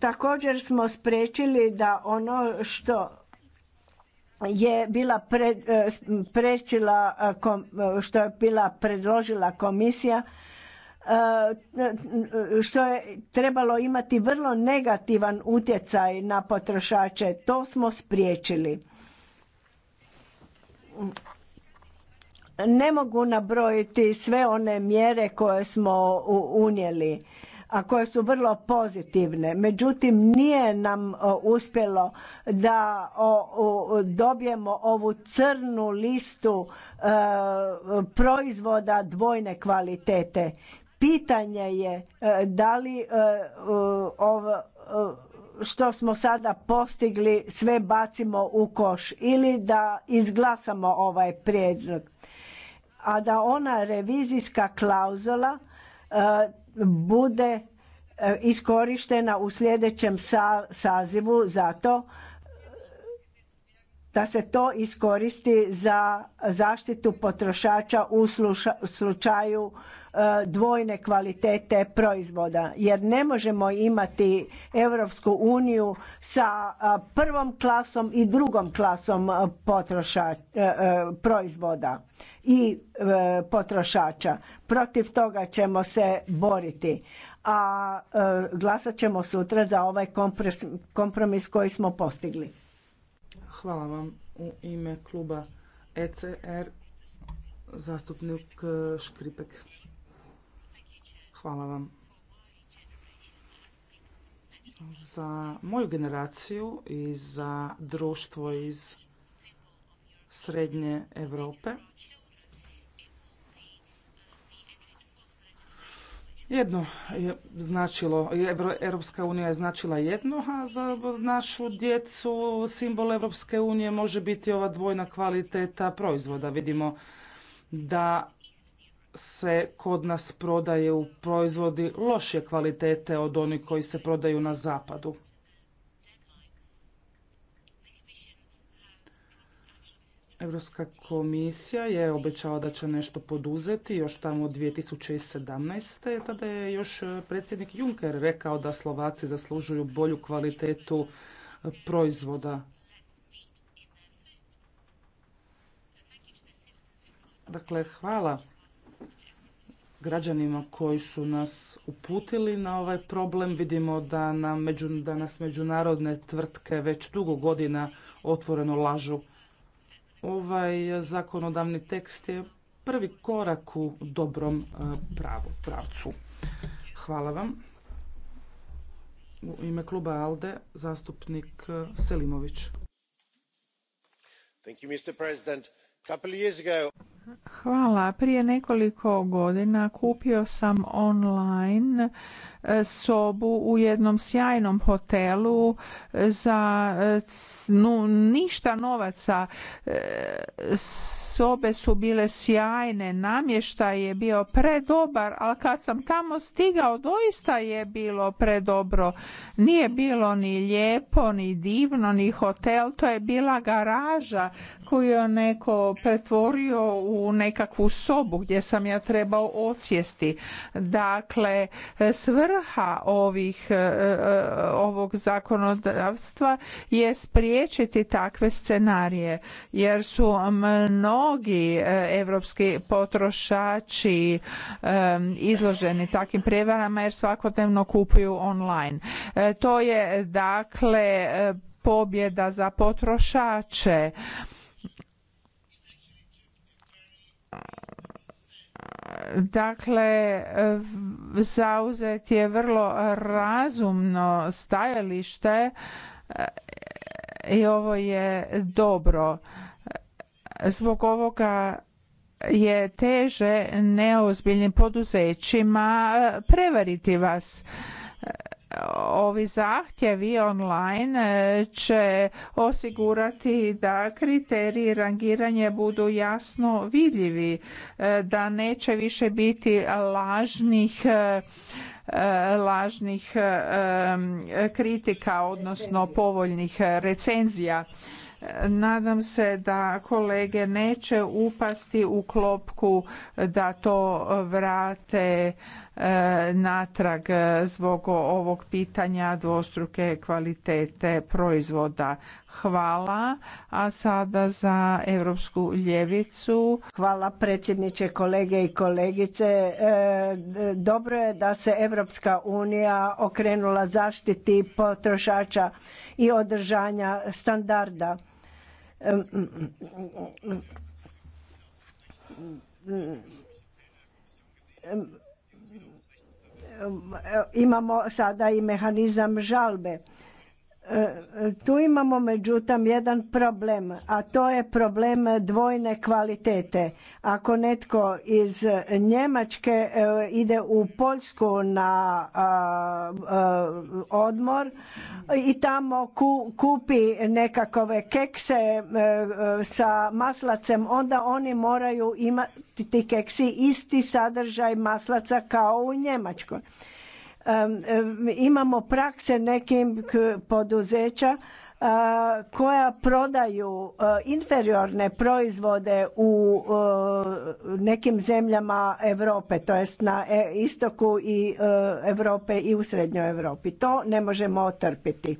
Također smo spriječili da ono što je bila e, prečila, e, e, što je bila predložila komisija, što je trebalo imati vrlo negativan utjecaj na potrošače. To smo spriječili. Ne mogu nabrojiti sve one mjere koje smo unijeli a koje su vrlo pozitivne. Međutim, nije nam e, uspjelo da dobijemo ovu crnu listu e, proizvoda dvojne kvalitete. Pitanje je e, da li što smo sada postigli sve bacimo u koš ili da izglasamo ovaj prijedlog. A da ona revizijska klauzula bude e, iskorištena u sljedećem sazivu sazivu zato e, da se to iskoristi za zaštitu potrošača u slučaju E, dvojne kvalitete proizvoda jer ne možemo imati Europsku uniju sa e, prvom klasom i drugom klasom e, proizvoda i potrošača. Protiv toga ćemo se boriti. A glasat ćemo sutra za ovaj kompromis koji smo postigli. Hvala vam. U ime kluba ECR zastupnik Škripek. Hvala vam. Za moju generaciju i za društvo iz srednje Europe Jedno je značilo, Europska unija je značila jedno, a za našu djecu simbol Europske unije može biti ova dvojna kvaliteta proizvoda. Vidimo da se kod nas prodaje u proizvodi lošije kvalitete od onih koji se prodaju na zapadu. Europska komisija je obećala da će nešto poduzeti još tamo 2017. Tada je još e, predsjednik Juncker rekao da Slovaci zaslužuju bolju kvalitetu e, proizvoda. Dakle, hvala građanima koji su nas uputili na ovaj problem. Vidimo da, da nas međunarodne tvrtke već dugo godina otvoreno lažu. Ovaj zakonodavni tekst je prvi korak u dobrom e, pravu, pravcu. Hvala vam. U ime kluba ALDE zastupnik e, Selimović. Thank Hvala. Prije nekoliko godina kupio sam online e, sobu u jednom sjajnom hotelu e, za e, ništa novaca sobe su bile sjajne, namještaj je bio predobar, ali kad sam tamo stigao doista je bilo predobro. Nije bilo ni lijepo, ni divno, ni hotel, to je bila garaža koju je neko pretvorio u nekakvu sobu gdje sam ja trebao odsjesti. Dakle, svrha ovih ovog zakonodavstva je spriječiti takve scenarije jer su mnogi europski potrošači e, izloženi takvim prijevarama jer svakodnevno kupuju online. E, to je dakle e, pobjeda za potrošače Dakle, zauzet je vrlo razumno stajalište e, i ovo je dobro. Zbog ovoga je teže neozbiljnim poduzećima prevariti vas ovi zahtjevi online e, će osigurati da kriteriji rangiranja budu jasno vidljivi, e, da neće više biti lažnih e, lažnih kritika odnosno povoljnih recenzija. Nadam se da kolege neće upasti u klopku da to vrate natrag zbog ovog pitanja dvostruke kvalitete proizvoda. Hvala. A sada za Europsku ljevicu. Hvala predsjedniče, kolege i kolegice. Dobro je da se Europska unija okrenula zaštiti potrošača i održanja standarda imamo sada i mehanizam žalbe tu imamo međutim jedan problem, a to je problem dvojne kvalitete. Ako netko iz Njemačke e, ide u Poljsku na odmor i tamo kupi nekakove kekse e, e, sa maslacem, onda oni moraju imati ti keksi isti sadržaj maslaca kao u Njemačkoj. Imamo prakse nekim poduzeća koja prodaju inferiorne proizvode u nekim zemljama Europe, to jest na e, istoku i Europe i u srednjoj Europi. To ne možemo otrpiti.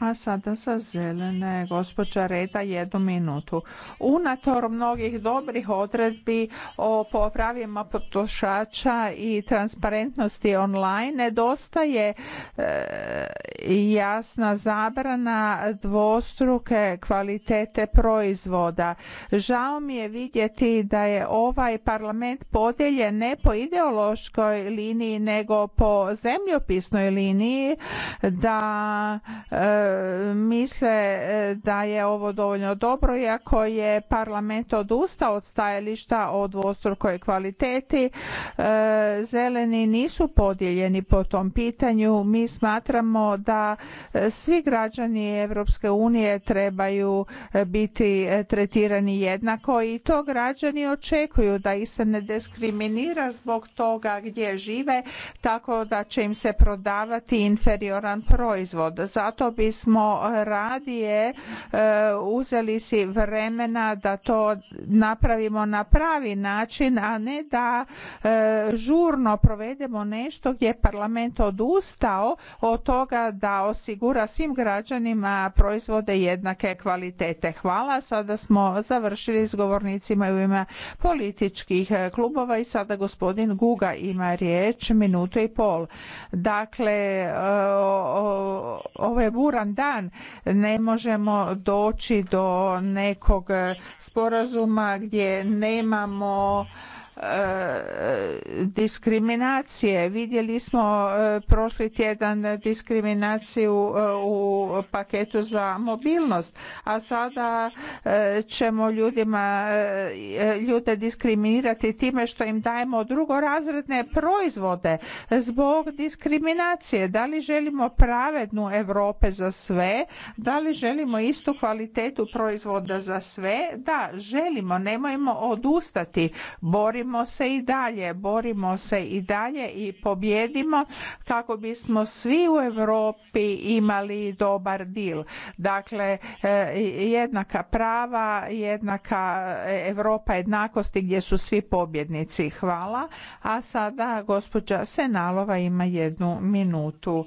A sada za zelene gospođa Reda jednu minutu. Unator mnogih dobrih odredbi o popravima potrošača i transparentnosti online nedostaje e, jasna zabrana dvostruke kvalitete proizvoda. Žao mi je vidjeti da je ovaj parlament podijeljen ne po ideološkoj liniji nego po zemljopisnoj liniji da e, misle e, da je ovo dovoljno dobro iako je parlament odustao od stajališta o dvostrukoj kvaliteti e, zeleni nisu podijeljeni po tom pitanju mi smatramo da e, svi građani Europske unije trebaju biti tretirani jednako i to građani očekuju da ih se ne diskriminira zbog toga gdje žive tako da će im se prodavati inferioran proizvod zato bi smo radije e, uzeli si vremena da to napravimo na pravi način, a ne da e, žurno provedemo nešto gdje je parlament odustao od toga da osigura svim građanima proizvode jednake kvalitete. Hvala, sada smo završili s govornicima u ime političkih e, klubova i sada gospodin Guga ima riječ minutu i pol. Dakle, ovo je bura dan ne možemo doći do nekog sporazuma gdje nemamo diskriminacije. Vidjeli smo e, prošli tjedan diskriminaciju e, u paketu za mobilnost, a sada e, ćemo ljudima ljude diskriminirati time što im dajemo drugorazredne proizvode zbog diskriminacije. Da li želimo pravednu Europe za sve? Da li želimo istu kvalitetu proizvoda za sve? Da, želimo, nemojmo odustati. Borimo borimo se i dalje, borimo se i dalje i pobjedimo kako bismo svi u Europi imali dobar dil. Dakle, e, jednaka prava, jednaka e, Europa jednakosti gdje su svi pobjednici. Hvala. A sada gospođa Senalova ima jednu minutu.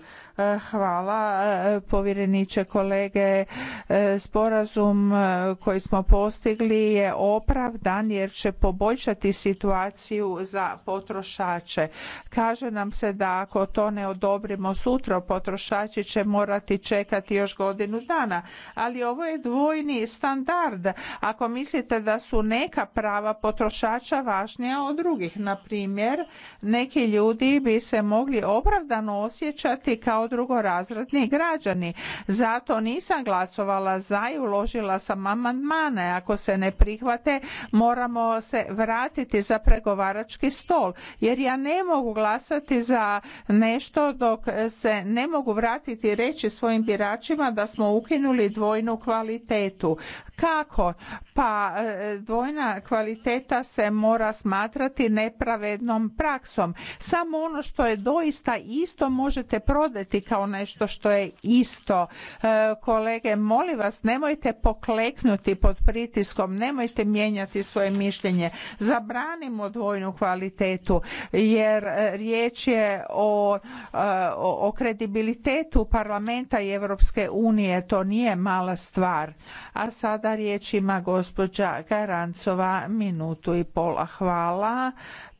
Hvala e, povjereniče kolege. E, sporazum e, koji smo postigli je opravdan jer će poboljšati situaciju za potrošače. Kaže nam se da ako to ne odobrimo sutra, potrošači će morati čekati još godinu dana. Ali ovo je dvojni standard. Ako mislite da su neka prava potrošača važnija od drugih, na primjer, neki ljudi bi se mogli opravdano osjećati kao drugorazredni građani. Zato nisam glasovala za i uložila sam amandmane. Ako se ne prihvate, moramo se vratiti za pregovarački stol. Jer ja ne mogu glasati za nešto dok se ne mogu vratiti reći svojim biračima da smo ukinuli dvojnu kvalitetu. Kako? Pa e, dvojna kvaliteta se mora smatrati nepravednom praksom. Samo ono što je doista isto možete prodati kao nešto što je isto. E, kolege, molim vas, nemojte pokleknuti pod pritiskom, nemojte mijenjati svoje mišljenje. Zabranimo dvojnu kvalitetu jer e, riječ je o, o, kredibilitetu parlamenta i Europske unije. To nije mala stvar. A sada Sada riječ ima gospođa Garancova minutu i pola. Hvala.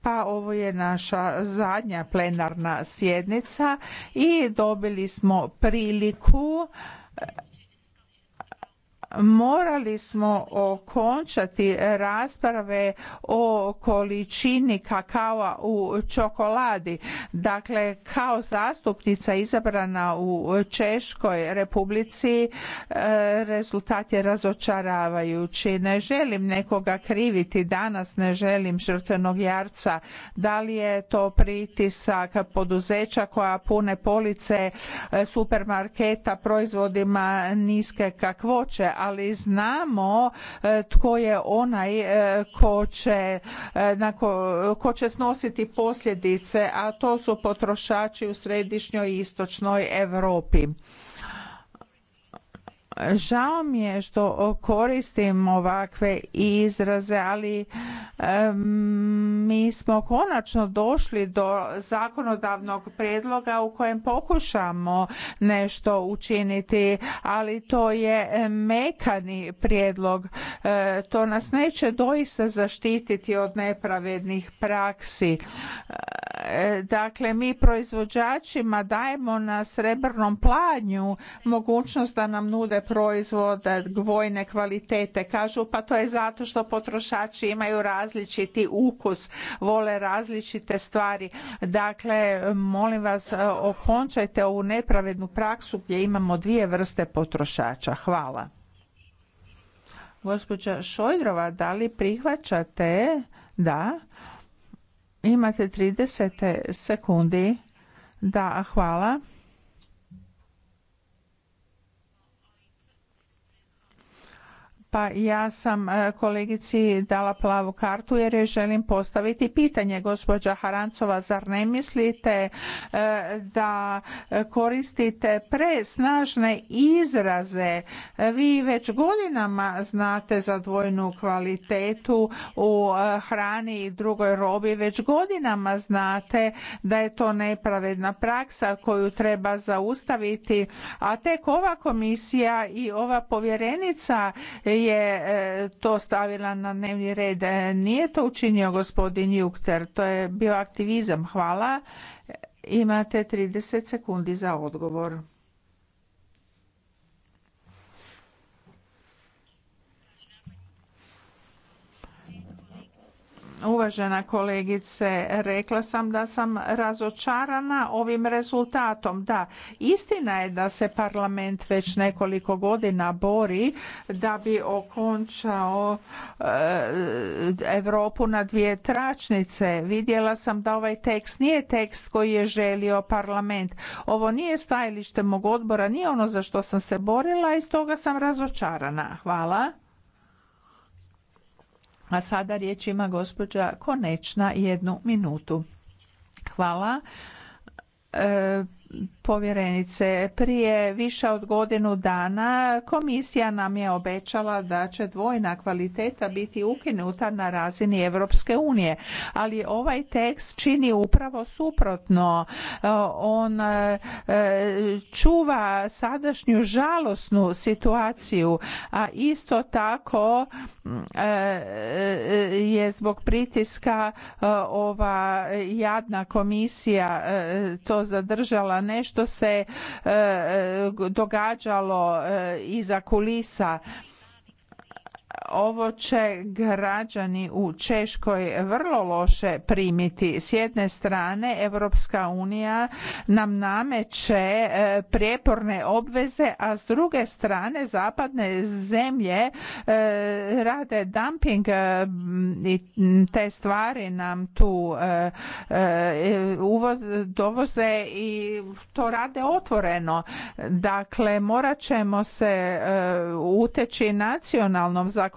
Pa ovo je naša zadnja plenarna sjednica i dobili smo priliku morali smo okončati rasprave o količini kakao u čokoladi. Dakle, kao zastupnica izabrana u Češkoj republici e, rezultat je razočaravajući. Ne želim nekoga kriviti danas, ne želim žrtvenog jarca. Da li je to pritisak poduzeća koja pune police e, supermarketa proizvodima niske kakvoće, ali znamo e, tko je onaj e, ko će, e, ko će snositi posljedice, a to su potrošači u središnjoj i istočnoj Europi. Žao mi je što koristim ovakve izraze, ali mi smo konačno došli do zakonodavnog predloga u kojem pokušamo nešto učiniti, ali to je mekani prijedlog. E, to nas neće doista zaštititi od nepravednih praksi Dakle, mi proizvođačima dajemo na srebrnom planju mogućnost da nam nude proizvode dvojne kvalitete. Kažu pa to je zato što potrošači imaju različiti ukus, vole različite stvari. Dakle, molim vas okončajte ovu nepravednu praksu gdje imamo dvije vrste potrošača. Hvala. Gospođa Šojdrova, da li prihvaćate? Da. Imate 30 sekundi. Da, hvala. Pa ja sam e, kolegici dala plavu kartu jer je želim postaviti pitanje. Gospođa Harancova, zar ne mislite e, da koristite presnažne izraze? Vi već godinama znate za dvojnu kvalitetu u e, hrani i drugoj robi. Već godinama znate da je to nepravedna praksa koju treba zaustaviti. A tek ova komisija i ova povjerenica je je e, to stavila na dnevni red. E, nije to učinio gospodin Jukter, to je bio aktivizam. Hvala. E, imate 30 sekundi za odgovor. Uvažena kolegice, rekla sam da sam razočarana ovim rezultatom. Da, istina je da se parlament već nekoliko godina bori da bi okončao e, Europu na dvije tračnice. Vidjela sam da ovaj tekst nije tekst koji je želio parlament. Ovo nije stajalište mog odbora, nije ono za što sam se borila i stoga sam razočarana. Hvala. A sada riječ ima gospođa Konečna jednu minutu. Hvala. E, povjerenice. Prije više od godinu dana komisija nam je obećala da će dvojna kvaliteta biti ukinuta na razini Europske unije, ali ovaj tekst čini upravo suprotno. E, on e, čuva sadašnju žalosnu situaciju, a isto tako e, je zbog pritiska ova jadna komisija to zadržala nešto se e, e, događalo e, iza kulisa ovo će građani u Češkoj vrlo loše primiti. S jedne strane Europska unija nam nameće e, prijeporne obveze, a s druge strane zapadne zemlje e, rade dumping e, i te stvari nam tu dovoze i to rade otvoreno. Dakle, morat ćemo se uteći nacionalnom zakonodavstvu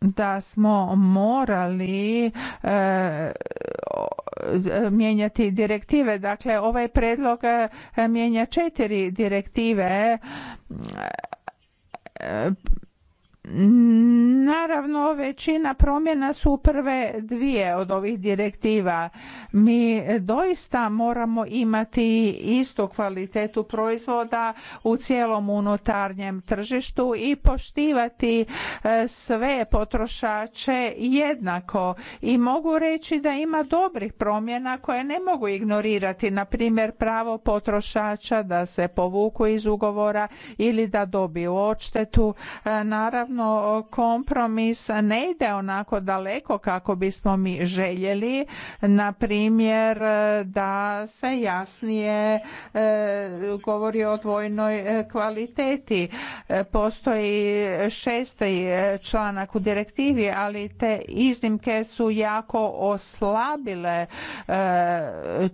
da smo morali e, mijenjati direktive. Dakle, ovaj predlog e, mijenja četiri direktive. E, Naravno, većina promjena su prve dvije od ovih direktiva. Mi doista moramo imati istu kvalitetu proizvoda u cijelom unutarnjem tržištu i poštivati e, sve potrošače jednako. I mogu reći da ima dobrih promjena koje ne mogu ignorirati, na primjer pravo potrošača da se povuku iz ugovora ili da dobiju odštetu. E, naravno, naravno kompromis ne ide onako daleko kako bismo mi željeli na primjer e, da se jasnije e, govori o dvojnoj e, kvaliteti postoji šest članak u direktivi ali te iznimke su jako oslabile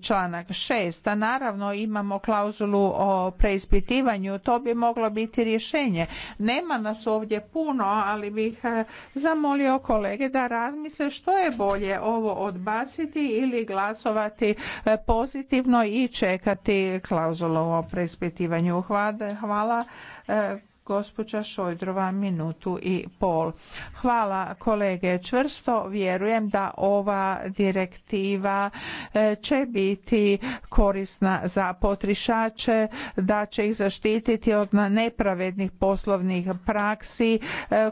članak šest a naravno imamo klauzulu o preispitivanju to bi moglo biti rješenje nema nas ovdje puno puno, ali bih e, zamolio kolege da razmisle što je bolje ovo odbaciti ili glasovati e, pozitivno i čekati klauzulu o preispitivanju. Hvala. E, gospođa Šojdrova minutu i pol. Hvala kolege. Čvrsto vjerujem da ova direktiva e, će biti korisna za potrišače, da će ih zaštititi od nepravednih poslovnih praksi e,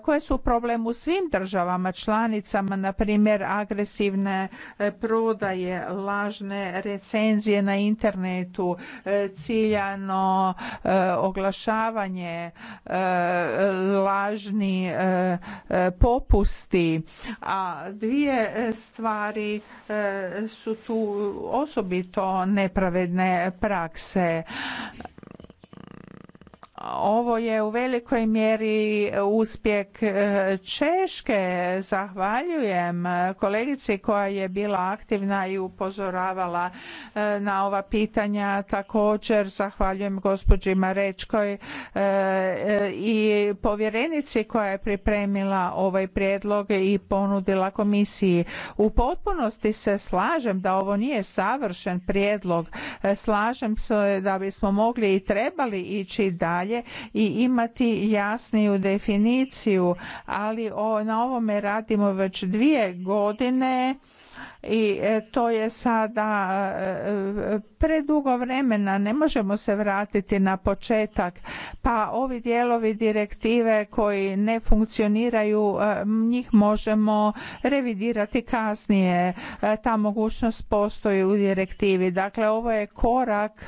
koje su problem u svim državama članicama, na primjer agresivne e, prodaje, lažne recenzije na internetu, ciljano oglašavanje E, lažni e, e, popusti. A dvije stvari su tu osobito nepravedne prakse. Ovo je u velikoj mjeri uspjeh e, Češke. Zahvaljujem kolegici koja je bila aktivna i upozoravala e, na ova pitanja. Također zahvaljujem gospođi Marečkoj e, i povjerenici koja je pripremila ovaj prijedlog i ponudila komisiji. U potpunosti se slažem da ovo nije savršen prijedlog. Slažem se da bismo mogli i trebali ići dalje i imati jasniju definiciju, ali o, na ovome radimo već dvije godine i e, to je sada e, predugo vremena, ne možemo se vratiti na početak, pa ovi dijelovi direktive koji ne funkcioniraju, e, njih možemo revidirati kasnije. Ta mogućnost postoji u direktivi. Dakle, ovo je korak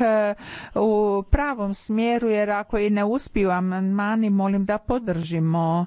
u pravom smjeru jer ako i ne uspiju amandmani, molim da podržimo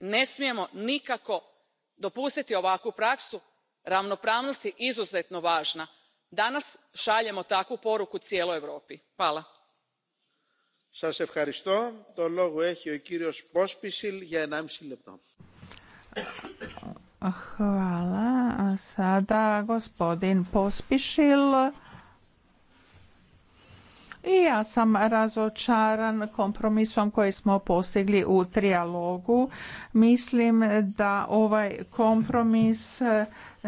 ne smijemo nikako dopustiti ovakvu praksu ravnopravnost je izuzetno vana. danas šaljemo takvu poruku cijeloj europi. hvala. sada gospodin i ja sam razočaran kompromisom koji smo postigli u trijalogu. Mislim da ovaj kompromis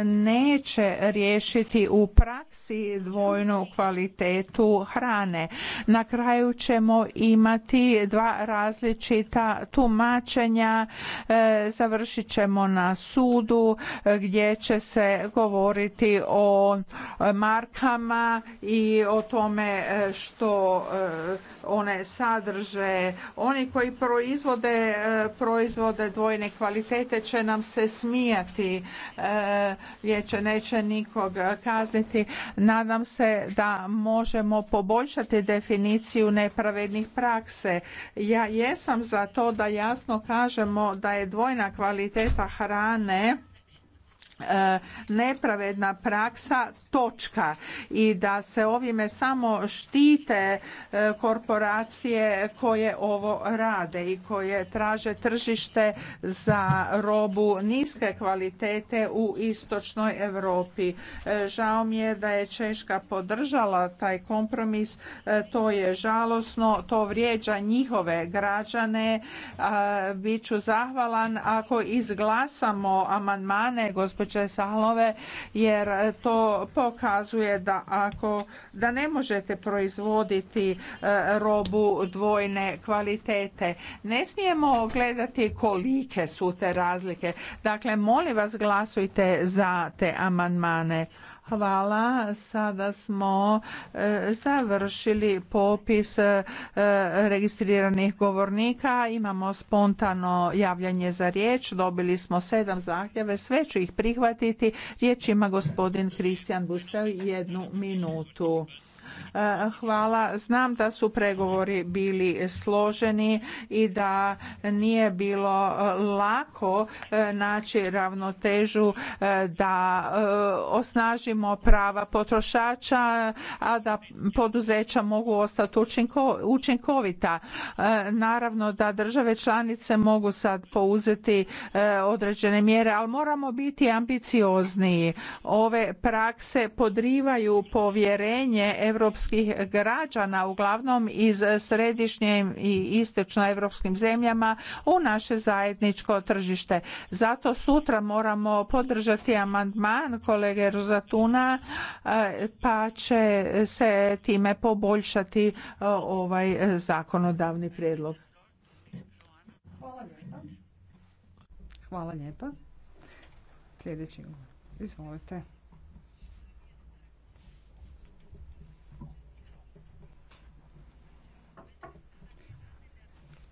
neće riješiti u praksi dvojnu kvalitetu hrane. Na kraju ćemo imati dva različita tumačenja, e, završit ćemo na sudu e, gdje će se govoriti o markama i o tome e, što one sadrže. Oni koji proizvode proizvode dvojne kvalitete će nam se smijati vijeće neće nikog e, kazniti. Nadam se da možemo poboljšati definiciju nepravednih prakse. Ja jesam za to da jasno kažemo da je dvojna kvaliteta hrane E, nepravedna praksa točka i da se ovime samo štite e, korporacije koje ovo rade i koje traže tržište za robu niske kvalitete u istočnoj Europi. E, žao mi je da je Češka podržala taj kompromis, to je žalosno, to vrijeđa njihove građane. Biću zahvalan ako izglasamo amandmane gospođe buduće salove jer to pokazuje da ako da ne možete proizvoditi e, robu dvojne kvalitete. Ne smijemo gledati kolike su te razlike. Dakle, molim vas glasujte za te amandmane. Hvala. Sada smo e, završili popis e, registriranih govornika. Imamo spontano javljanje za riječ. Dobili smo sedam zahtjeve. Sve ću ih prihvatiti. Riječ ima gospodin Kristijan Busel jednu minutu. Eh, hvala. Znam da su pregovori bili složeni i da nije bilo eh, lako eh, naći ravnotežu da osnažimo prava potrošača, a da poduzeća mogu ostati učinkovita. Naravno da države članice mogu sad pouzeti određene mjere, ali moramo biti ambiciozniji. Ove prakse podrivaju povjerenje EU europskih građana, uglavnom iz središnjim i europskim zemljama u naše zajedničko tržište. Zato sutra moramo podržati amandman kolege Rozatuna e, pa će se time poboljšati e, ovaj zakonodavni prijedlog. Hvala lijepa. Hvala Sljedeći Izvolite.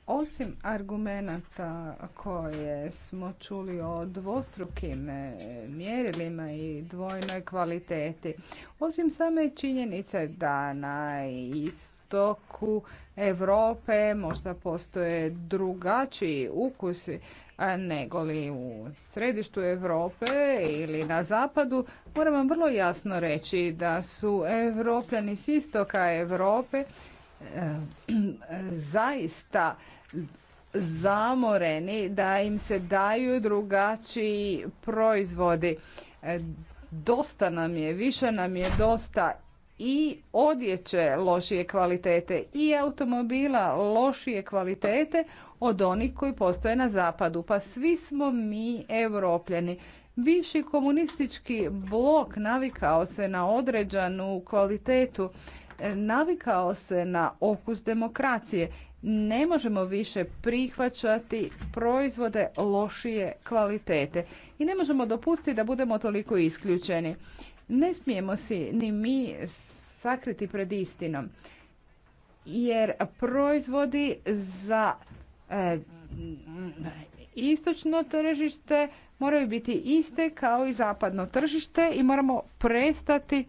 Osim argumenata koje smo čuli o dvostrukim e, mjerilima i dvojnoj kvaliteti, osim same činjenice da na istoku Europe možda postoje drugačiji ukusi nego li u središtu Europe ili na zapadu, moram vam vrlo jasno reći da su Evropljani s istoka Europe e, zaista zamoreni da im se daju drugačiji proizvodi. E, dosta nam je, više nam je dosta i odjeće lošije kvalitete i automobila lošije kvalitete od onih koji postoje na zapadu. Pa svi smo mi europljani. Bivši komunistički blok navikao se na određenu kvalitetu, e, navikao se na okus demokracije ne možemo više prihvaćati proizvode lošije kvalitete i ne možemo dopustiti da budemo toliko isključeni. Ne smijemo si ni mi sakriti pred istinom jer proizvodi za e, istočno tržište moraju biti iste kao i zapadno tržište i moramo prestati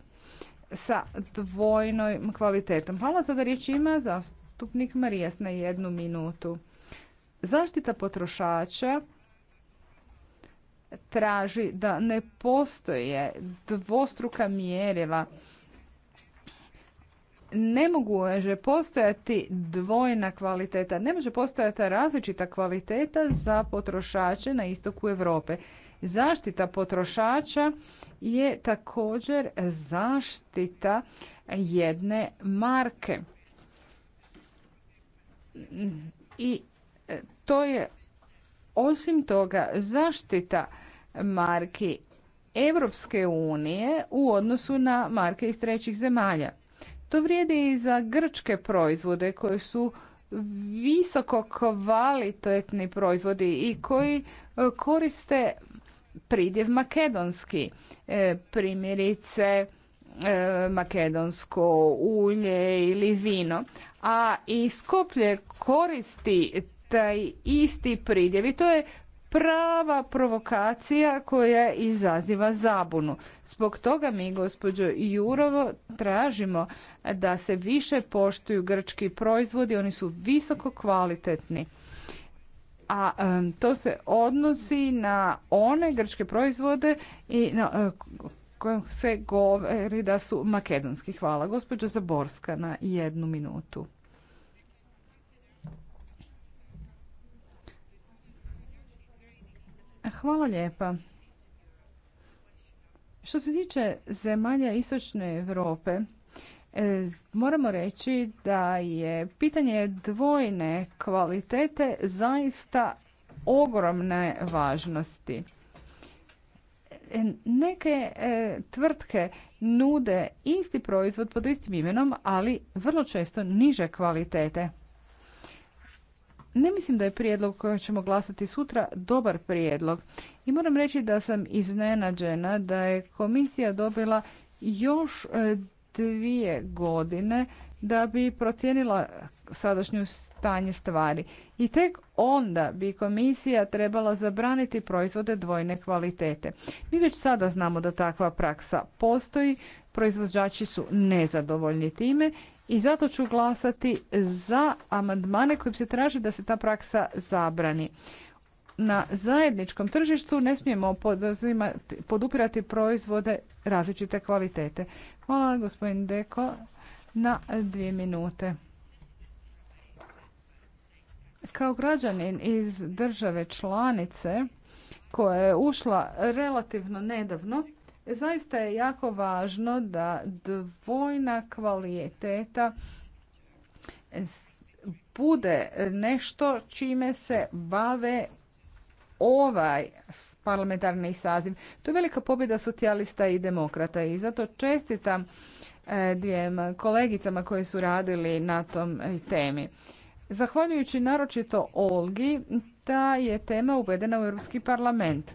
sa dvojnoj kvalitetom. Hvala da riječ ima za zastupnik Marijas na jednu minutu. Zaštita potrošača traži da ne postoje dvostruka mjerila. Ne mogu že postojati dvojna kvaliteta, ne može postojati različita kvaliteta za potrošače na istoku Europe. Zaštita potrošača je također zaštita jedne marke. I e, to je osim toga zaštita marki Europske unije u odnosu na marke iz trećih zemalja. To vrijedi i za grčke proizvode koji su visoko kvalitetni proizvodi i koji e, koriste pridjev makedonski. E, primjerice E, makedonsko ulje ili vino. A i Skoplje koristi taj isti pridjev i to je prava provokacija koja izaziva zabunu. Zbog toga mi, gospođo Jurovo, tražimo da se više poštuju grčki proizvodi, oni su visoko kvalitetni. A to se odnosi na one grčke proizvode i na e, kojom se govori da su makedonski. Hvala. Gospođo Zaborska na jednu minutu. Hvala lijepa. Što se tiče zemalja Istočne Europe, e, moramo reći da je pitanje dvojne kvalitete zaista ogromne važnosti. E, neke e, tvrtke nude isti proizvod pod istim imenom, ali vrlo često niže kvalitete. Ne mislim da je prijedlog koji ćemo glasati sutra dobar prijedlog. I moram reći da sam iznenađena da je komisija dobila još e, dvije godine da bi procijenila sadašnju stanje stvari. I tek onda bi komisija trebala zabraniti proizvode dvojne kvalitete. Mi već sada znamo da takva praksa postoji, proizvođači su nezadovoljni time i zato ću glasati za amandmane kojim se traži da se ta praksa zabrani. Na zajedničkom tržištu ne smijemo podupirati proizvode različite kvalitete. Hvala gospodin Deko na dvije minute. Kao građanin iz države članice koja je ušla relativno nedavno, zaista je jako važno da dvojna kvaliteta bude nešto čime se bave ovaj parlamentarni saziv. To je velika pobjeda socijalista i demokrata i zato čestitam eh, dvijem kolegicama koje su radili na tom temi. Zahvaljujući naročito Olgi, ta je tema uvedena u Europski parlament.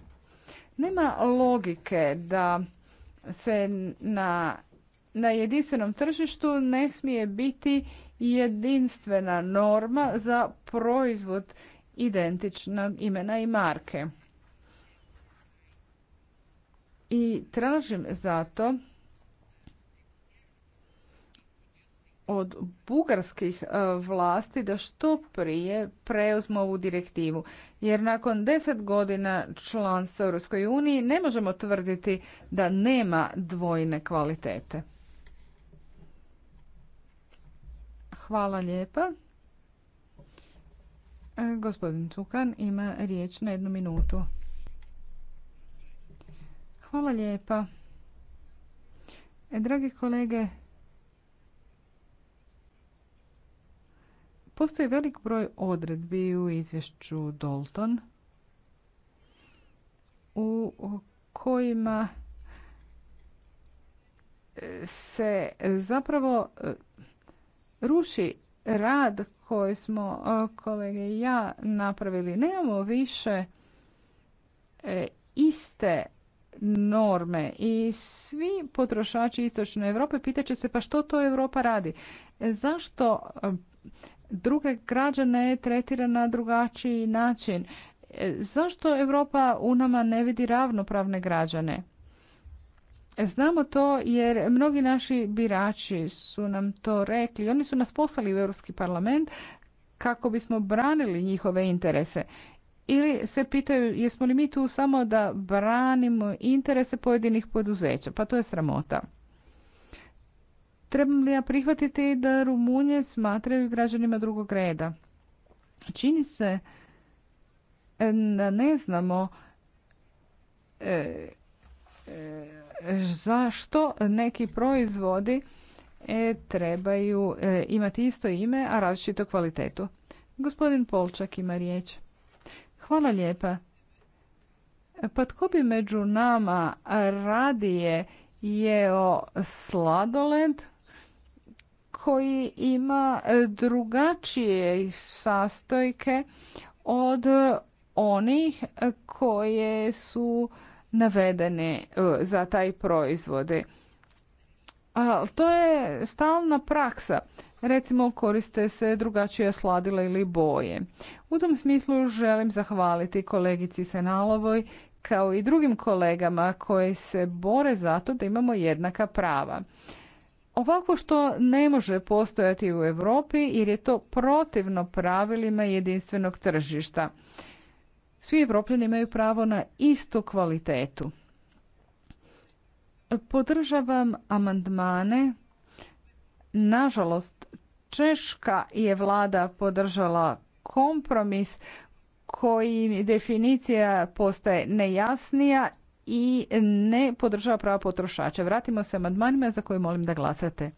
Nema logike da se na, na jedinstvenom tržištu ne smije biti jedinstvena norma za proizvod identičnog imena i marke. I tražim zato od bugarskih e, vlasti da što prije preuzmu ovu direktivu. Jer nakon deset godina članstva u EU ne možemo tvrditi da nema dvojne kvalitete. Hvala lijepa. E, gospodin Čukan ima riječ na jednu minutu. Hvala lijepa. E, dragi kolege, Postoji velik broj odredbi u izvješću Dalton u kojima se zapravo e, ruši rad koji smo e, kolege i ja napravili. Nemamo više e, iste norme i svi potrošači istočne Europe pitaće se pa što to Europa radi? Zašto druge građane tretira na drugačiji način. E, zašto Europa u nama ne vidi ravnopravne građane? E, znamo to jer mnogi naši birači su nam to rekli. Oni su nas poslali u Europski parlament kako bismo branili njihove interese. Ili se pitaju jesmo li mi tu samo da branimo interese pojedinih poduzeća. Pa to je sramota. Trebam li ja prihvatiti da Rumunje smatraju građanima drugog reda? Čini se e, da ne znamo e, e, zašto neki proizvodi trebaju imati isto ime, a različitu kvalitetu. Gospodin Polčak ima riječ. Hvala lijepa. Pa tko bi među nama radije jeo sladoled koji ima e, drugačije sastojke od onih e, koje su navedene e, za taj proizvode. to je stalna praksa. Recimo koriste se drugačije sladila ili boje. U tom smislu želim zahvaliti kolegici Senalovoj kao i drugim kolegama koji se bore za to da imamo jednaka prava. Ovako što ne može postojati u Europi jer je to protivno pravilima jedinstvenog tržišta. Svi Evropljani imaju pravo na istu kvalitetu. Podržavam amandmane. Nažalost, Češka je vlada podržala kompromis koji definicija postaje nejasnija i ne podržava prava potrošača. Vratimo se amandmanima za koje molim da glasate.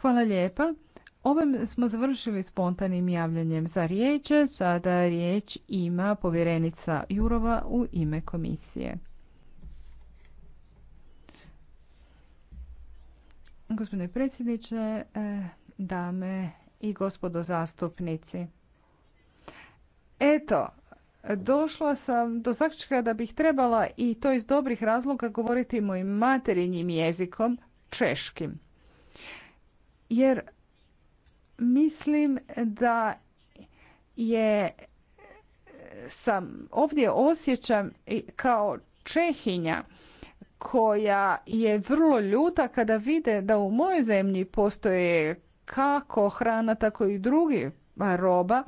Hvala lijepa. Ovim smo završili spontanim javljanjem za riječ. Sada riječ ima povjerenica Jurova u ime komisije. Gospodine predsjedniče, eh, dame i gospodo zastupnici. Eto, došla sam do zaključka da bih trebala i to iz dobrih razloga govoriti mojim materinjim jezikom, češkim. Jer mislim da je sam ovdje osjećam kao Čehinja koja je vrlo ljuta kada vide da u mojoj zemlji postoje kako hrana, tako i drugi roba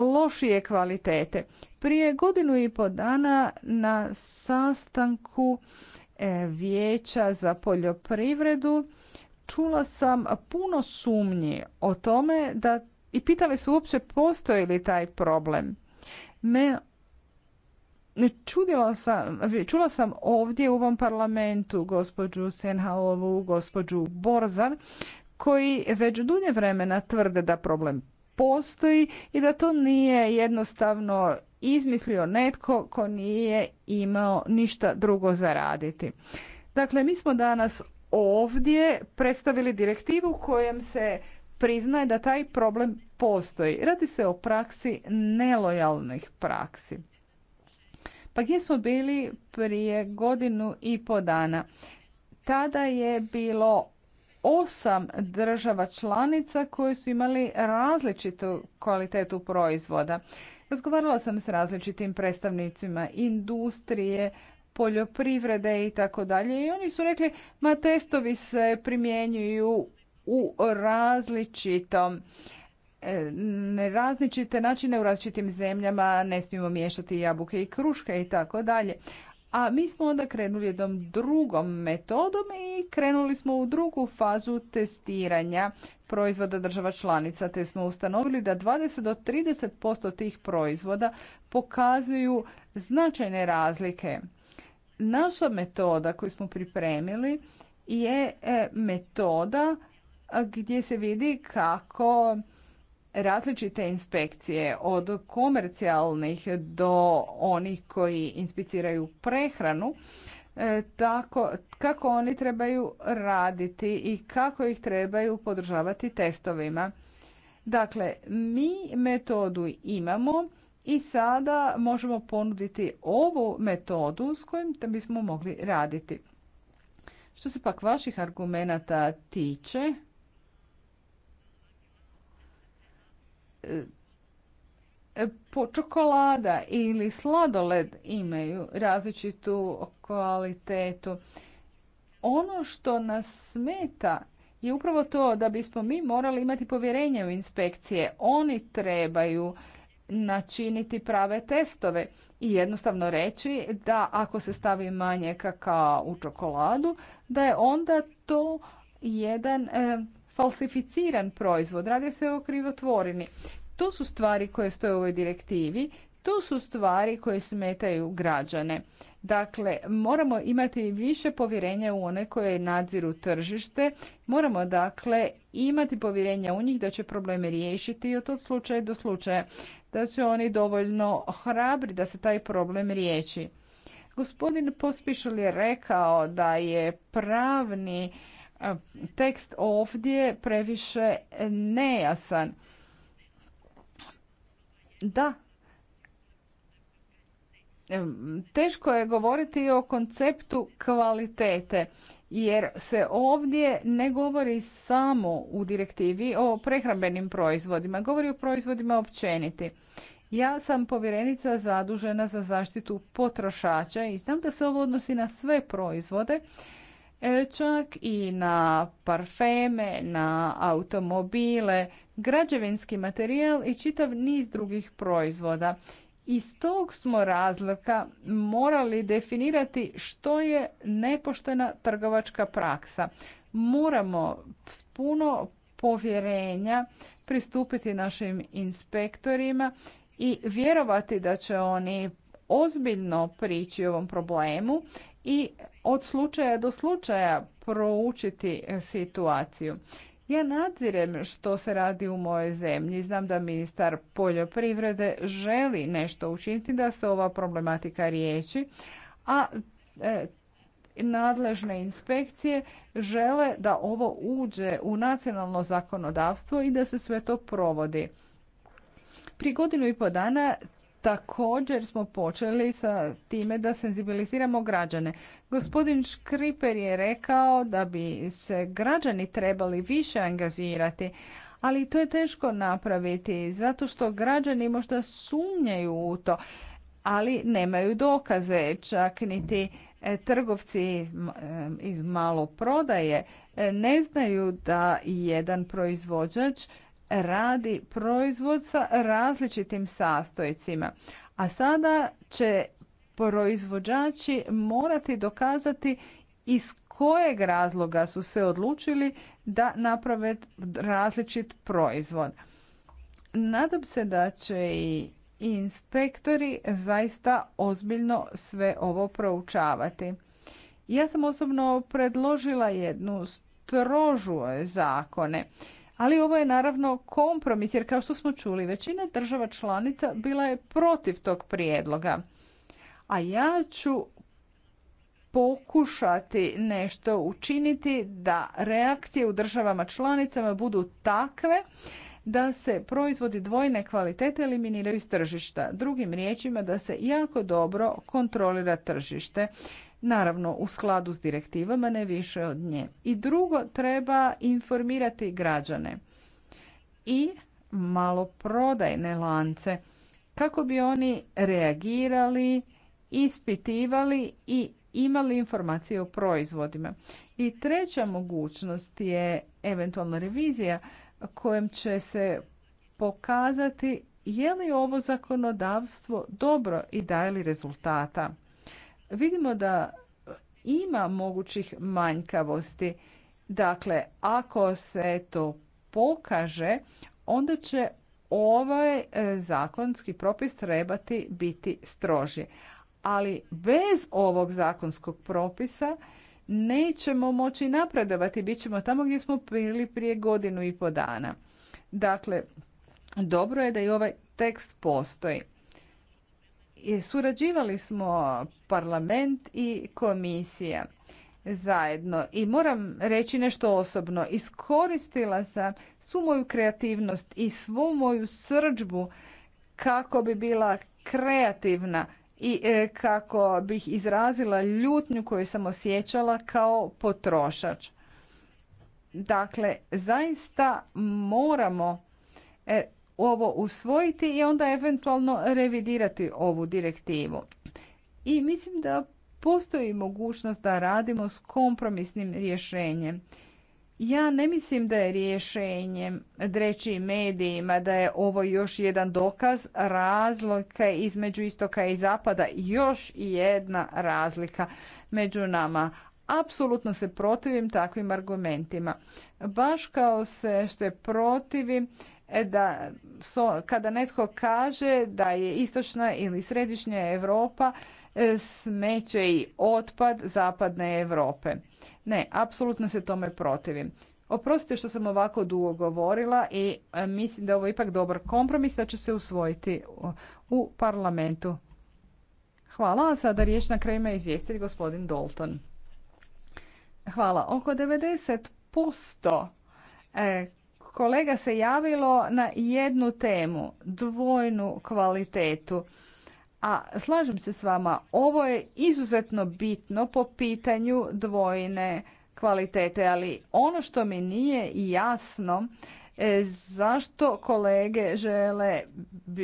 lošije kvalitete. Prije godinu i po dana na sastanku e, Vijeća za poljoprivredu čula sam puno sumnji o tome da i pitali su uopće postoji li taj problem. Me Čudila sam, čula sam ovdje u ovom parlamentu gospođu Senhalovu, gospođu Borzan, koji već dulje vremena tvrde da problem postoji i da to nije jednostavno izmislio netko ko nije imao ništa drugo zaraditi. Dakle, mi smo danas ovdje predstavili direktivu kojom se priznaje da taj problem postoji. Radi se o praksi nelojalnih praksi. Pa gdje smo bili prije godinu i po dana? Tada je bilo osam država članica koje su imali različitu kvalitetu proizvoda. Razgovarala sam s različitim predstavnicima industrije, poljoprivrede i tako dalje i oni su rekli ma testovi se primjenjuju u različitom e, različite načine u različitim zemljama, ne smijemo miješati jabuke i kruške i tako dalje. A mi smo onda krenuli jednom drugom metodom i krenuli smo u drugu fazu testiranja proizvoda država članica, te smo ustanovili da 20 do 30% tih proizvoda pokazuju značajne razlike. Naša metoda koju smo pripremili je e, metoda gdje se vidi kako različite inspekcije od komercijalnih do onih koji inspiciraju prehranu e, tako, kako oni trebaju raditi i kako ih trebaju podržavati testovima. Dakle, mi metodu imamo i sada možemo ponuditi ovu metodu s kojim bismo mogli raditi. Što se pak vaših argumenata tiče, po čokolada ili sladoled imaju različitu kvalitetu. Ono što nas smeta je upravo to da bismo mi morali imati povjerenje u inspekcije. Oni trebaju načiniti prave testove i jednostavno reći da ako se stavi manje kakao u čokoladu, da je onda to jedan e, falsificiran proizvod, radi se o krivotvorini. To su stvari koje stoje u ovoj direktivi, to su stvari koje smetaju građane. Dakle, moramo imati više povjerenja u one koje nadziru tržište. Moramo dakle imati povjerenja u njih da će probleme riješiti od tog slučaja do slučaja. Da će oni dovoljno hrabri da se taj problem riješi. Gospodin Pospišil je rekao da je pravni tekst ovdje previše nejasan. Da, teško je govoriti o konceptu kvalitete jer se ovdje ne govori samo u direktivi o prehrambenim proizvodima, govori o proizvodima općeniti. Ja sam povjerenica zadužena za zaštitu potrošača i znam da se ovo odnosi na sve proizvode čak i na parfeme, na automobile, građevinski materijal i čitav niz drugih proizvoda. Iz tog smo razloga morali definirati što je nepoštena trgovačka praksa. Moramo s puno povjerenja pristupiti našim inspektorima i vjerovati da će oni ozbiljno prići ovom problemu i od slučaja do slučaja proučiti situaciju. Ja nadzirem što se radi u mojoj zemlji. Znam da ministar poljoprivrede želi nešto učiniti da se ova problematika riječi, a e, nadležne inspekcije žele da ovo uđe u nacionalno zakonodavstvo i da se sve to provodi. Pri godinu i po dana Također smo počeli sa time da senzibiliziramo građane. Gospodin Škriper je rekao da bi se građani trebali više angazirati, ali to je teško napraviti zato što građani možda sumnjaju u to, ali nemaju dokaze, čak niti e, trgovci e, iz malo prodaje e, ne znaju da jedan proizvođač radi proizvod sa različitim sastojcima. A sada će proizvođači morati dokazati iz kojeg razloga su se odlučili da naprave različit proizvod. Nadam se da će i inspektori zaista ozbiljno sve ovo proučavati. Ja sam osobno predložila jednu strožu zakone ali ovo je naravno kompromis jer kao što smo čuli većina država članica bila je protiv tog prijedloga. A ja ću pokušati nešto učiniti da reakcije u državama članicama budu takve da se proizvodi dvojne kvalitete eliminiraju iz tržišta. Drugim riječima da se jako dobro kontrolira tržište. Naravno, u skladu s direktivama, ne više od nje. I drugo, treba informirati građane i maloprodajne lance kako bi oni reagirali, ispitivali i imali informacije o proizvodima. I treća mogućnost je eventualna revizija kojom će se pokazati je li ovo zakonodavstvo dobro i daje li rezultata vidimo da ima mogućih manjkavosti. Dakle, ako se to pokaže, onda će ovaj e, zakonski propis trebati biti stroži. Ali bez ovog zakonskog propisa nećemo moći napredovati. Bićemo tamo gdje smo bili prije godinu i po dana. Dakle, dobro je da i ovaj tekst postoji surađivali smo parlament i komisija zajedno i moram reći nešto osobno iskoristila sam svu moju kreativnost i svu moju srđbu kako bi bila kreativna i e, kako bih izrazila ljutnju koju sam osjećala kao potrošač dakle zaista moramo e, ovo usvojiti i onda eventualno revidirati ovu direktivu. I mislim da postoji mogućnost da radimo s kompromisnim rješenjem. Ja ne mislim da je rješenje dreći medijima da je ovo još jedan dokaz razlika između istoka i zapada, još jedna razlika među nama. Apsolutno se protivim takvim argumentima. Baš kao se što je protivim E, da so, kada netko kaže da je istočna ili središnja Europa e, smeće i otpad zapadne Europe. Ne, apsolutno se tome protivim. Oprostite što sam ovako dugo govorila i e, mislim da je ovo ipak dobar kompromis da će se usvojiti u parlamentu. Hvala, a sada riječ na kraju me izvijestiti gospodin Dalton. Hvala. Oko 90% kolega se javilo na jednu temu, dvojnu kvalitetu. A slažem se s vama, ovo je izuzetno bitno po pitanju dvojne kvalitete, ali ono što mi nije jasno E, zašto kolege žele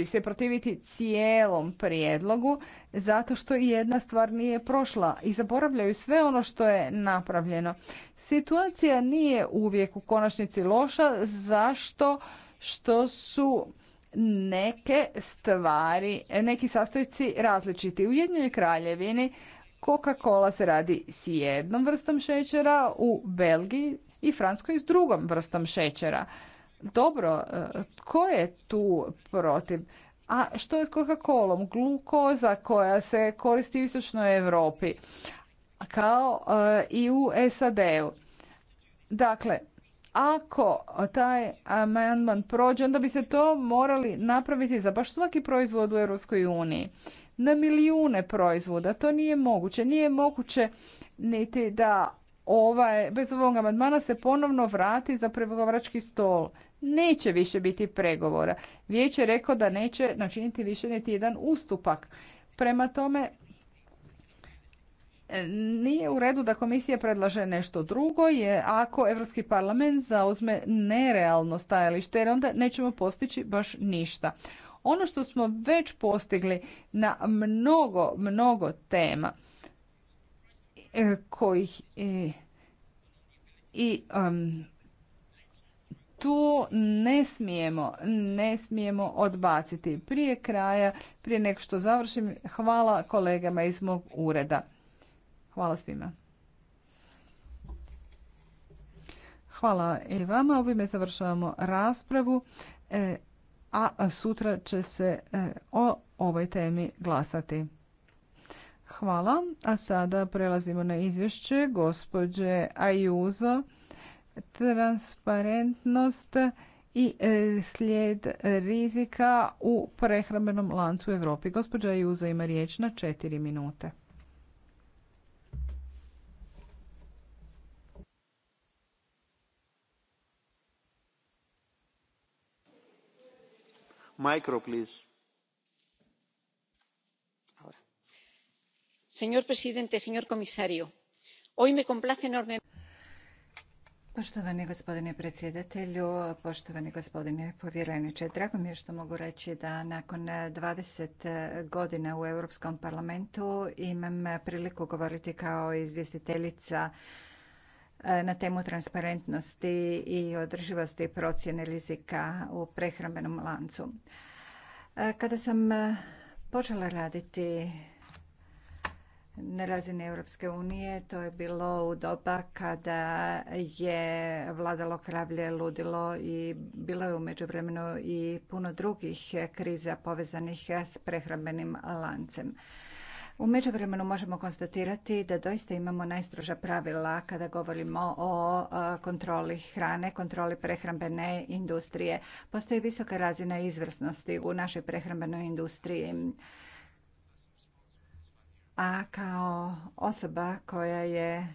se protiviti cijelom prijedlogu zato što jedna stvar nije prošla i zaboravljaju sve ono što je napravljeno. Situacija nije uvijek u konačnici loša zašto što su neke stvari, neki sastojci različiti. U jednoj kraljevini Coca-Cola se radi s jednom vrstom šećera, u Belgiji i Francuskoj s drugom vrstom šećera dobro, e, tko je tu protiv? A što je s Coca-Colom? Glukoza koja se koristi u istočnoj Europi kao e, i u SAD-u. Dakle, ako taj amandman prođe, onda bi se to morali napraviti za baš svaki proizvod u Europskoj uniji. Na milijune proizvoda. To nije moguće. Nije moguće niti da ovaj, bez ovog amandmana se ponovno vrati za pregovarački stol neće više biti pregovora. Vijeće je rekao da neće načiniti više niti jedan ustupak. Prema tome, nije u redu da komisija predlaže nešto drugo je ako Europski parlament zauzme nerealno stajalište jer onda nećemo postići baš ništa. Ono što smo već postigli na mnogo, mnogo tema e, kojih i, e, i um, tu ne smijemo, ne smijemo odbaciti. Prije kraja, prije nego što završim, hvala kolegama iz mog ureda. Hvala svima. Hvala i vama. Ovime završavamo raspravu, e, a sutra će se e, o ovoj temi glasati. Hvala. A sada prelazimo na izvješće gospođe Ajuzo transparentnost i e, slijed rizika u prehrambenom lancu u Evropi. Gospođa Juza ima riječ na četiri minute. Micro, please. Señor presidente, señor comisario, hoy me complace enormemente Poštovani gospodine predsjedatelju, poštovani gospodine povjereniče, drago mi je što mogu reći da nakon 20 godina u Europskom parlamentu imam priliku govoriti kao izvjestiteljica e, na temu transparentnosti i održivosti procjene rizika u prehrambenom lancu. E, kada sam e, počela raditi na razini Europske unije. To je bilo u doba kada je vladalo kravlje ludilo i bilo je u međuvremenu i puno drugih kriza povezanih s prehrambenim lancem. U međuvremenu možemo konstatirati da doista imamo najstroža pravila kada govorimo o kontroli hrane, kontroli prehrambene industrije. Postoji visoka razina izvrsnosti u našoj prehrambenoj industriji a kao osoba koja je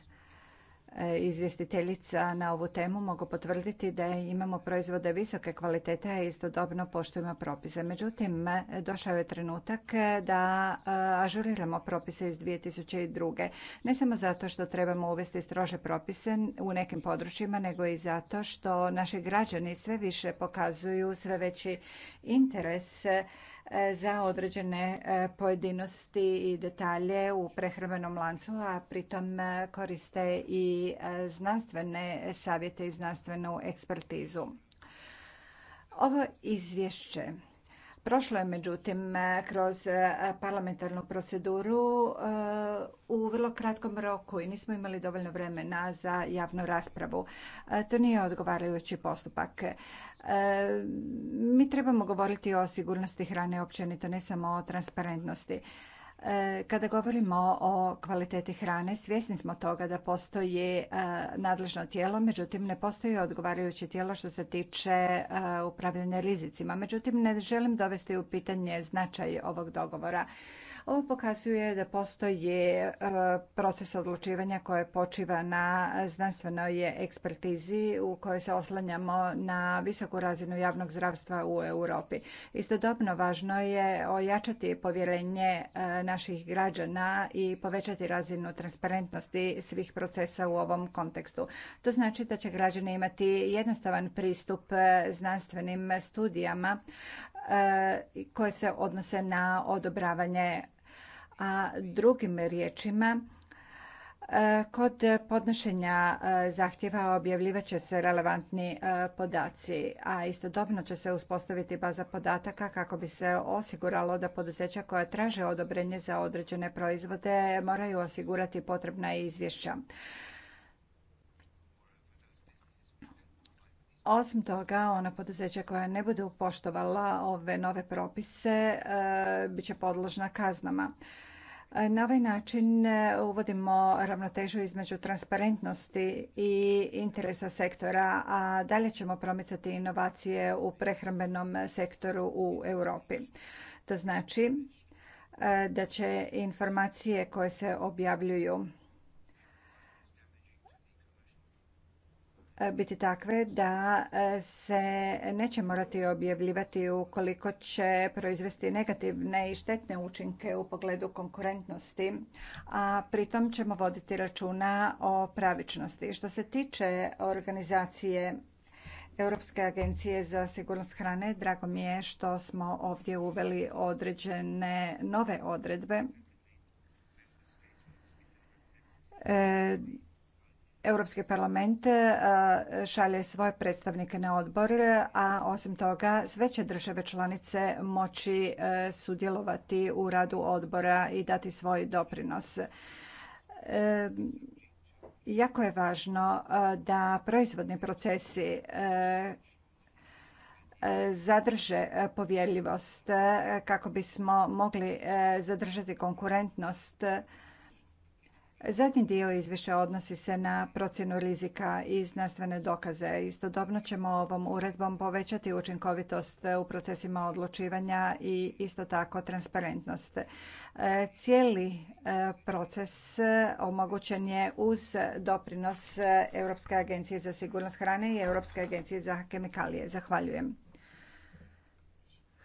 e, izvjestiteljica na ovu temu mogu potvrditi da imamo proizvode visoke kvalitete a istodobno poštujemo propise. Međutim, došao je trenutak da e, ažuriramo propise iz 2002. Ne samo zato što trebamo uvesti strože propise u nekim područjima, nego i zato što naši građani sve više pokazuju sve veći interes E, za određene e, pojedinosti i detalje u prehrvenom lancu, a pritom e, koriste i znanstvene savjete i znanstvenu ekspertizu. Ovo izvješće Prošlo je međutim kroz e, parlamentarnu proceduru e, u vrlo kratkom roku i nismo imali dovoljno vremena za javnu raspravu. E, to nije odgovarajući postupak. Mi trebamo govoriti o sigurnosti hrane općenito, ne samo o transparentnosti. E, kada govorimo o kvaliteti hrane, svjesni smo toga da postoji e, nadležno tijelo, međutim ne postoji odgovarajuće tijelo što se tiče e, upravljanja rizicima. Međutim, ne želim dovesti u pitanje značaj ovog dogovora. Ovo pokazuje da postoji e, proces odlučivanja koje počiva na znanstvenoj ekspertizi u kojoj se oslanjamo na visoku razinu javnog zdravstva u Europi. Istodobno važno je ojačati povjerenje e, naših građana i povećati razinu transparentnosti svih procesa u ovom kontekstu. To znači da će građani imati jednostavan pristup e, znanstvenim studijama koje se odnose na odobravanje a drugim riječima e, Kod podnošenja e, zahtjeva objavljivat će se relevantni e, podaci, a istodobno će se uspostaviti baza podataka kako bi se osiguralo da poduzeća koja traže odobrenje za određene proizvode moraju osigurati potrebna izvješća. Osim toga, ona poduzeća koja ne budu poštovala ove nove propise e, bit će podložna kaznama. E, na ovaj način e, uvodimo ravnotežu između transparentnosti i interesa sektora, a dalje ćemo promicati inovacije u prehrambenom sektoru u Europi. To znači da će informacije koje se objavljuju E, biti takve da e, se neće morati objavljivati ukoliko će proizvesti negativne i štetne učinke u pogledu konkurentnosti, a pritom ćemo voditi računa o pravičnosti. Što se tiče organizacije Europske agencije za sigurnost hrane, drago mi je što smo ovdje uveli određene nove odredbe. E, Europski parlament e, šalje svoje predstavnike na odbor, a osim toga sve će države članice moći e, sudjelovati u radu odbora i dati svoj doprinos. E, jako je važno da proizvodni procesi zadrže povjerljivost kako bismo mogli zadržati konkurentnost Zadnji dio izvješća odnosi se na procjenu rizika i znanstvene dokaze. Istodobno ćemo ovom uredbom povećati učinkovitost u procesima odlučivanja i isto tako transparentnost. E, cijeli e, proces e, omogućen je uz doprinos Europske agencije za sigurnost hrane i Europske agencije za kemikalije. Zahvaljujem.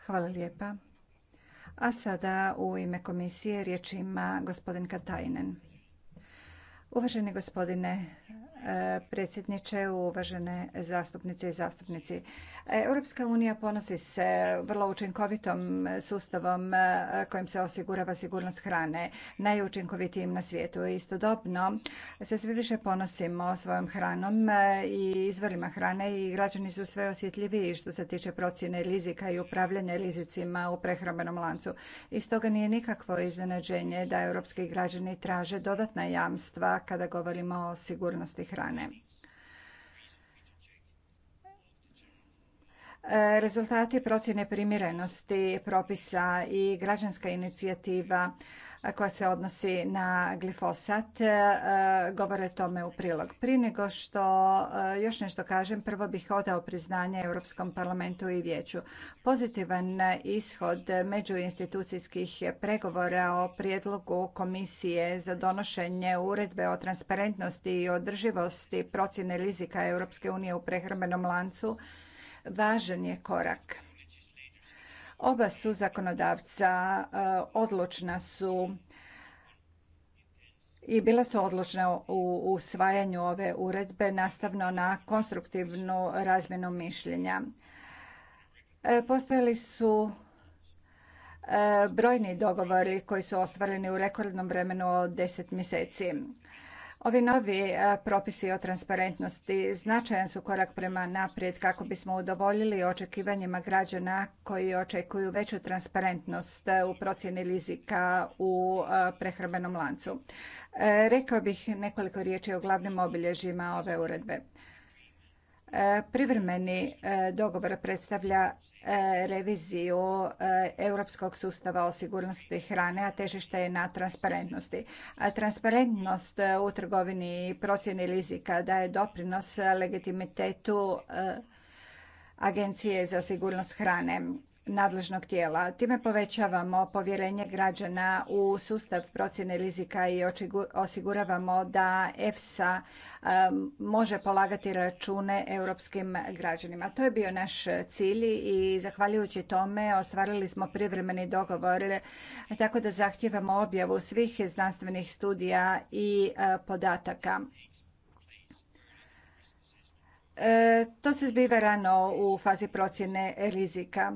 Hvala lijepa. A sada u ime komisije riječ ima gospodin Katainen. Uvaženi gospodine predsjedniče, uvažene zastupnice i zastupnici. Europska unija ponosi se vrlo učinkovitom sustavom e, kojim se osigurava sigurnost hrane, najučinkovitijim na svijetu. Istodobno se sve više ponosimo svojom hranom e, i izvorima hrane i građani su sve osjetljiviji što se tiče procjene rizika i upravljanja rizicima u prehrambenom lancu. I stoga nije nikakvo iznenađenje da europski građani traže dodatna jamstva kada govorimo o sigurnosti hrane. E, rezultati procjene primjerenosti propisa i građanska inicijativa koja se odnosi na glifosat e, govore tome u prilog. Prije nego što e, još nešto kažem, prvo bih odao priznanje Europskom parlamentu i vijeću. Pozitivan ishod međuinstitucijskih pregovora o prijedlogu komisije za donošenje uredbe o transparentnosti i održivosti procjene rizika Europske unije u prehrambenom lancu važan je korak. Oba su zakonodavca e, odlučna su i bila su odlučna u usvajanju ove uredbe nastavno na konstruktivnu razmjenu mišljenja. E, postojali su e, brojni dogovori koji su ostvareni u rekordnom vremenu od 10 mjeseci. Ovi novi e, propisi o transparentnosti značajan su korak prema naprijed kako bismo udovoljili očekivanjima građana koji očekuju veću transparentnost e, u procjeni rizika u e, prehrambenom lancu. Rekao bih nekoliko riječi o glavnim obilježjima ove uredbe. E, privremeni e, dogovor predstavlja e, reviziju europskog sustava o sigurnosti hrane, a težište je na transparentnosti. Transparentnost u trgovini i procjeni rizika daje doprinos legitimitetu Agencije za sigurnost hrane nadležnog tijela. Time povećavamo povjerenje građana u sustav procjene rizika i osiguravamo da EFSA um, može polagati račune europskim građanima. To je bio naš cilj i zahvaljujući tome ostvarili smo privremeni dogovor tako da zahtijevamo objavu svih znanstvenih studija i uh, podataka. Uh, to se zbiva rano u fazi procjene rizika.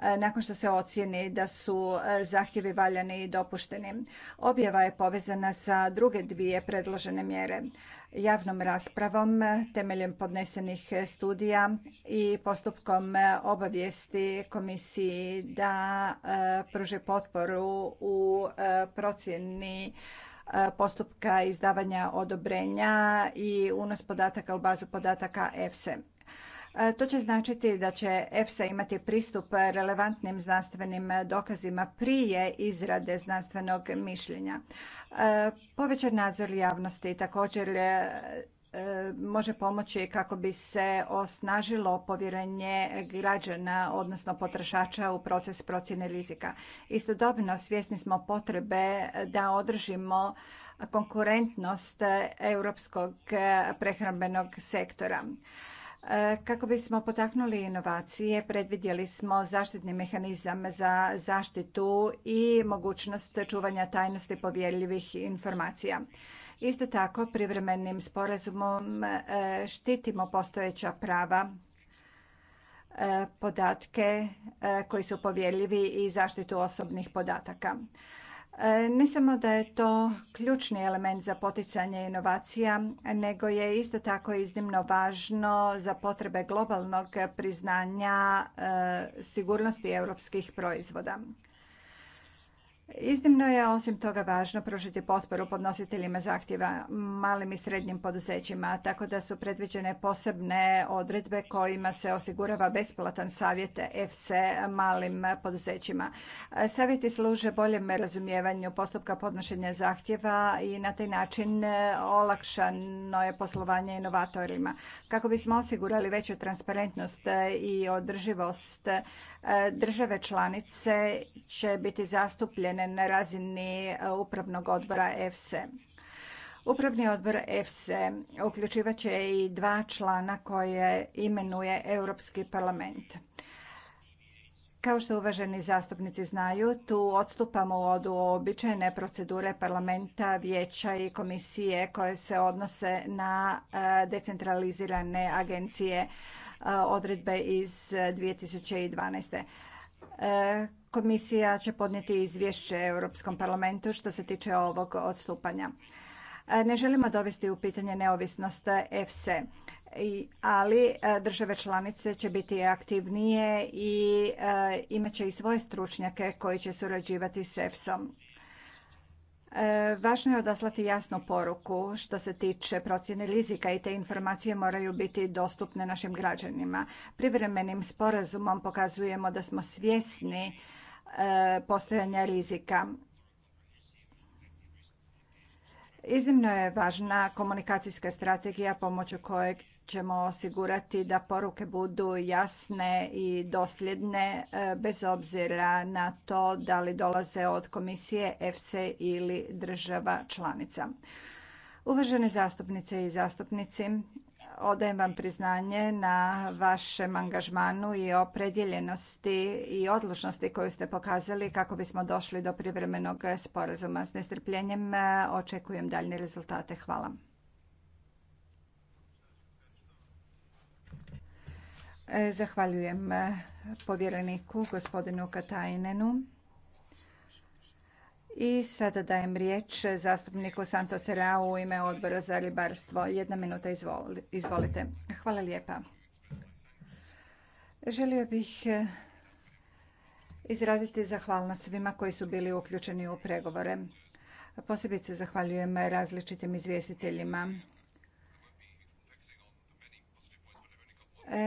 E, nakon što se ocijeni da su e, zahtjevi valjani i dopušteni. Objava je povezana sa druge dvije predložene mjere javnom raspravom e, temeljem podnesenih studija i postupkom obavijesti komisiji da pruže potporu u procjeni postupka izdavanja odobrenja i unos podataka u bazu podataka EFSE. E, to će značiti da će EFSA imati pristup relevantnim znanstvenim dokazima prije izrade znanstvenog mišljenja. E, povećan nadzor javnosti također e, može pomoći kako bi se osnažilo povjerenje građana, odnosno potrošača u proces procjene rizika. Istodobno svjesni smo potrebe da održimo konkurentnost europskog prehrambenog sektora. Kako bismo potaknuli inovacije, predvidjeli smo zaštitni mehanizam za zaštitu i mogućnost čuvanja tajnosti povjerljivih informacija. Isto tako, privremenim sporazumom e, štitimo postojeća prava e, podatke e, koji su povjerljivi i zaštitu osobnih podataka. E, ne samo da je to ključni element za poticanje inovacija, nego je isto tako iznimno važno za potrebe globalnog priznanja e, sigurnosti europskih proizvoda. Iznimno je osim toga važno pružiti potporu podnositeljima zahtjeva malim i srednjim poduzećima, tako da su predviđene posebne odredbe kojima se osigurava besplatan savjet EFSE malim poduzećima. Savjeti služe boljem razumijevanju postupka podnošenja zahtjeva i na taj način olakšano je poslovanje inovatorima. Kako bismo osigurali veću transparentnost i održivost, države članice će biti zastupljen na razini e, upravnog odbora EFSE. Upravni odbor EFSE uključivat će i dva člana koje imenuje Europski parlament. Kao što uvaženi zastupnici znaju, tu odstupamo od uobičajene procedure parlamenta, vijeća i komisije koje se odnose na e, decentralizirane agencije e, odredbe iz 2012. E, komisija će podnijeti izvješće Europskom parlamentu što se tiče ovog odstupanja. E, ne želimo dovesti u pitanje neovisnost EFSE, ali e, države članice će biti aktivnije i imat će i svoje stručnjake koji će surađivati s EFSOM. E, važno je odaslati jasnu poruku što se tiče procjene rizika i te informacije moraju biti dostupne našim građanima. Privremenim sporazumom pokazujemo da smo svjesni e, postojanja rizika. Iznimno je važna komunikacijska strategija pomoću kojeg ćemo osigurati da poruke budu jasne i dosljedne e, bez obzira na to da li dolaze od komisije, EFSE ili država članica. Uvažene zastupnice i zastupnici, odajem vam priznanje na vašem angažmanu i opredjeljenosti i odlučnosti koju ste pokazali kako bismo došli do privremenog sporazuma. S nestrpljenjem e, očekujem daljnje rezultate. Hvala. E, zahvaljujem e, povjereniku gospodinu Katajnenu. I sada dajem riječ zastupniku Santo Rau u ime odbora za ribarstvo. Jedna minuta, izvolite. Hvala lijepa. Želio bih e, izraziti zahvalnost svima koji su bili uključeni u pregovore. Posebice zahvaljujem različitim izvjestiteljima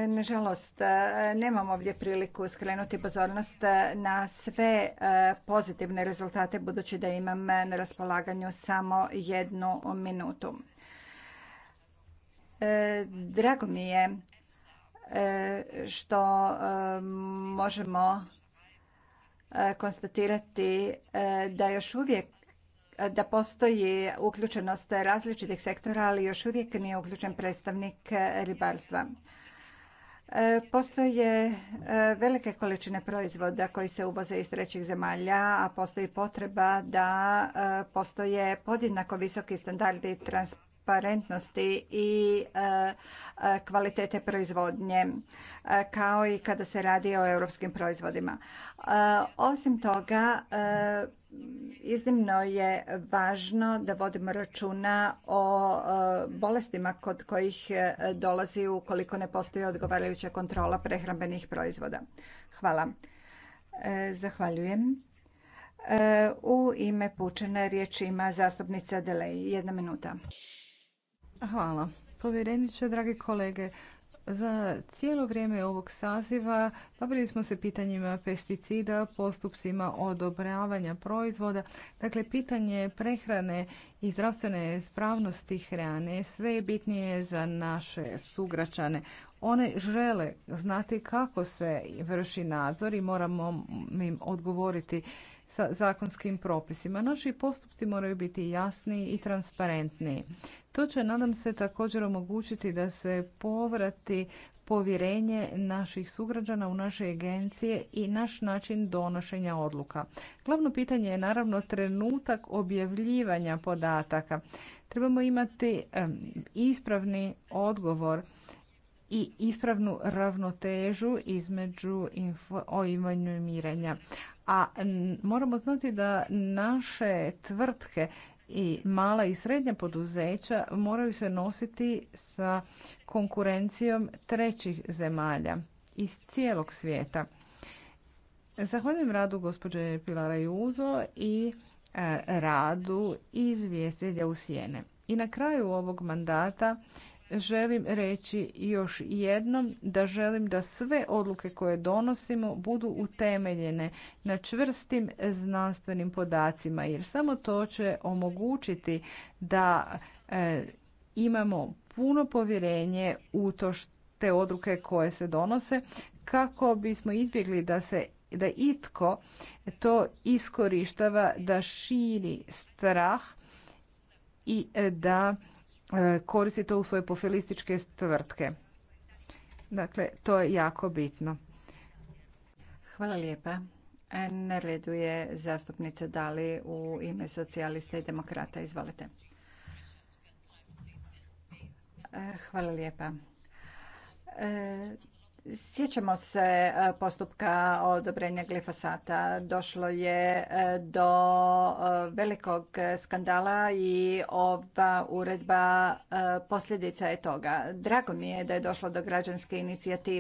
Nažalost, e, nemam ovdje priliku skrenuti pozornost na sve e, pozitivne rezultate budući da imam na raspolaganju samo jednu minutu. E, drago mi je što možemo konstatirati da još uvijek da postoji uključenost različitih sektora, ali još uvijek nije uključen predstavnik ribarstva. E, postoje e, velike količine proizvoda koji se uvoze iz trećih zemalja, a postoji potreba da e, postoje podjednako visoki standardi transparentnosti transparentnosti i e, e, kvalitete proizvodnje e, kao i kada se radi o europskim proizvodima. Osim toga, iznimno je važno da vodimo računa o bolestima kod kojih dolazi ukoliko ne postoji odgovarajuća kontrola prehrambenih proizvoda. Hvala. Zahvaljujem. U ime Pučene riječ ima zastupnica Delej. Jedna minuta. Hvala. Povjereniče, dragi kolege, za cijelo vrijeme ovog saziva bavili smo se pitanjima pesticida, postupcima odobravanja proizvoda. Dakle, pitanje prehrane i zdravstvene ispravnosti hrane sve je bitnije za naše sugrađane. One žele znati kako se vrši nadzor i moramo im odgovoriti sa zakonskim propisima. Naši postupci moraju biti jasniji i transparentniji. To će, nadam se, također omogućiti da se povrati povjerenje naših sugrađana u naše agencije i naš način donošenja odluka. Glavno pitanje je naravno trenutak objavljivanja podataka. Trebamo imati ispravni odgovor i ispravnu ravnotežu između info, i mirenja a moramo znati da naše tvrtke i mala i srednja poduzeća moraju se nositi sa konkurencijom trećih zemalja iz cijelog svijeta. Zahvaljujem radu gospođe Pilara Juzo i e, radu izvjestitelja u sjene. I na kraju ovog mandata želim reći još jednom da želim da sve odluke koje donosimo budu utemeljene na čvrstim znanstvenim podacima jer samo to će omogućiti da e, imamo puno povjerenje u to te odluke koje se donose kako bismo izbjegli da se da itko to iskorištava da širi strah i e, da E, koristi to u svoje pofilističke tvrtke. Dakle, to je jako bitno. Hvala lijepa. E, na redu je zastupnica Dali u ime socijalista i demokrata. Izvolite. E, hvala lijepa. Sjećamo se e, postupka odobrenja glifosata. Došlo je e, do e, velikog skandala i ova uredba posljedica je toga. Drago mi je da je došlo do građanske inicijative.